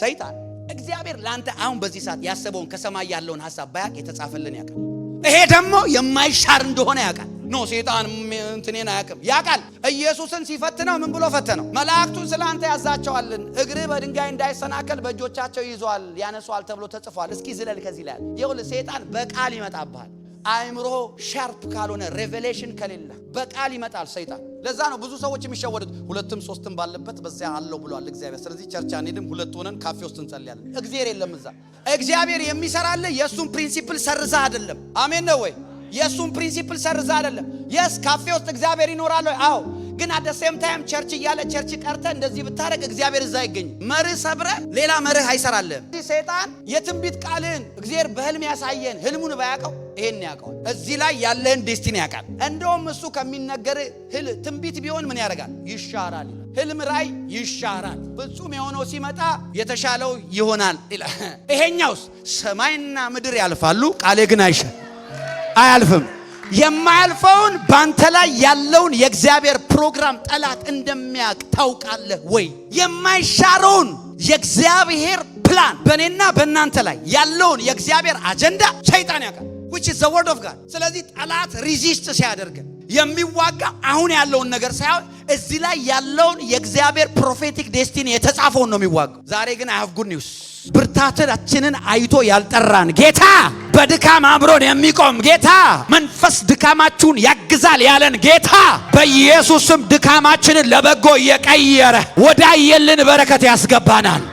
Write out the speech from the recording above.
ሰይጣን እግዚአብሔር ለአንተ አሁን በዚህ ሰዓት ያሰበውን ከሰማይ ያለውን ሀሳብ ባያቅ የተጻፈልን ያውቃል። ይሄ ደግሞ የማይሻር እንደሆነ ያውቃል። ኖ ሴጣን እንትኔን አያውቅም፣ ያውቃል። ኢየሱስን ሲፈትነው ምን ብሎ ፈተነው? መላእክቱን ስለ አንተ ያዛቸዋልን፣ እግርህ በድንጋይ እንዳይሰናከል በእጆቻቸው ይዘዋል ያነሷል ተብሎ ተጽፏል። እስኪ ዝለል ከዚህ ላይ ይሁል። ሴጣን በቃል ይመጣብሃል አእምሮ ሻርፕ ካልሆነ ሬቬሌሽን ከሌለ በቃል ይመጣል ሰይጣን። ለዛ ነው ብዙ ሰዎች የሚሸወዱት። ሁለትም ሶስትም ባለበት በዚያ አለው ብሏል እግዚአብሔር። ስለዚህ ቸርች አንሄድም፣ ሁለት ሆነን ካፌ ውስጥ እንጸልያለን። እግዚአብሔር የለም እዛ። እግዚአብሔር የሚሰራለ የእሱን ፕሪንሲፕል ሰርዛ አይደለም። አሜን ነው ወይ? የእሱን ፕሪንሲፕል ሰርዛ አይደለም። የስ ካፌ ውስጥ እግዚአብሔር ይኖራል። አዎ ግን አደሴም ታይም ቸርች እያለ ቸርች ቀርተ እንደዚህ ብታደረግ እግዚአብሔር እዛ አይገኝ። መርህ ሰብረ ሌላ መርህ አይሰራልህም። ሰይጣን የትንቢት ቃልን እግዚአብሔር በህልም ያሳየን ህልሙን ባያቀው ይሄን ያውቀዋል። እዚህ ላይ ያለህን ዴስቲኒ ያውቃል። እንደውም እሱ ከሚነገር ህል ትንቢት ቢሆን ምን ያደርጋል? ይሻራል። ህልም ራይ ይሻራል። ፍጹም የሆነው ሲመጣ የተሻለው ይሆናል ይላል። ይሄኛውስ ሰማይና ምድር ያልፋሉ፣ ቃሌ ግን አይሻል አያልፍም። የማያልፈውን ባንተ ላይ ያለውን የእግዚአብሔር ፕሮግራም ጠላት እንደሚያውቅ ታውቃለህ ወይ? የማይሻረውን የእግዚአብሔር ፕላን በእኔና በእናንተ ላይ ያለውን የእግዚአብሔር አጀንዳ ሰይጣን ያውቃል። which is the word of God። ስለዚህ ጠላት ሪዚስት ሲያደርግ የሚዋጋ አሁን ያለውን ነገር ሳይሆን እዚህ ላይ ያለውን የእግዚአብሔር ፕሮፌቲክ ዴስቲኒ የተጻፈውን ነው የሚዋጋው። ዛሬ ግን አይ ሃቭ ጉድ ኒውስ ብርታታችንን አይቶ ያልጠራን ጌታ፣ በድካም አብሮን የሚቆም ጌታ፣ መንፈስ ድካማችሁን ያግዛል ያለን ጌታ፣ በኢየሱስም ድካማችንን ለበጎ እየቀየረ ወዳየልን በረከት ያስገባናል።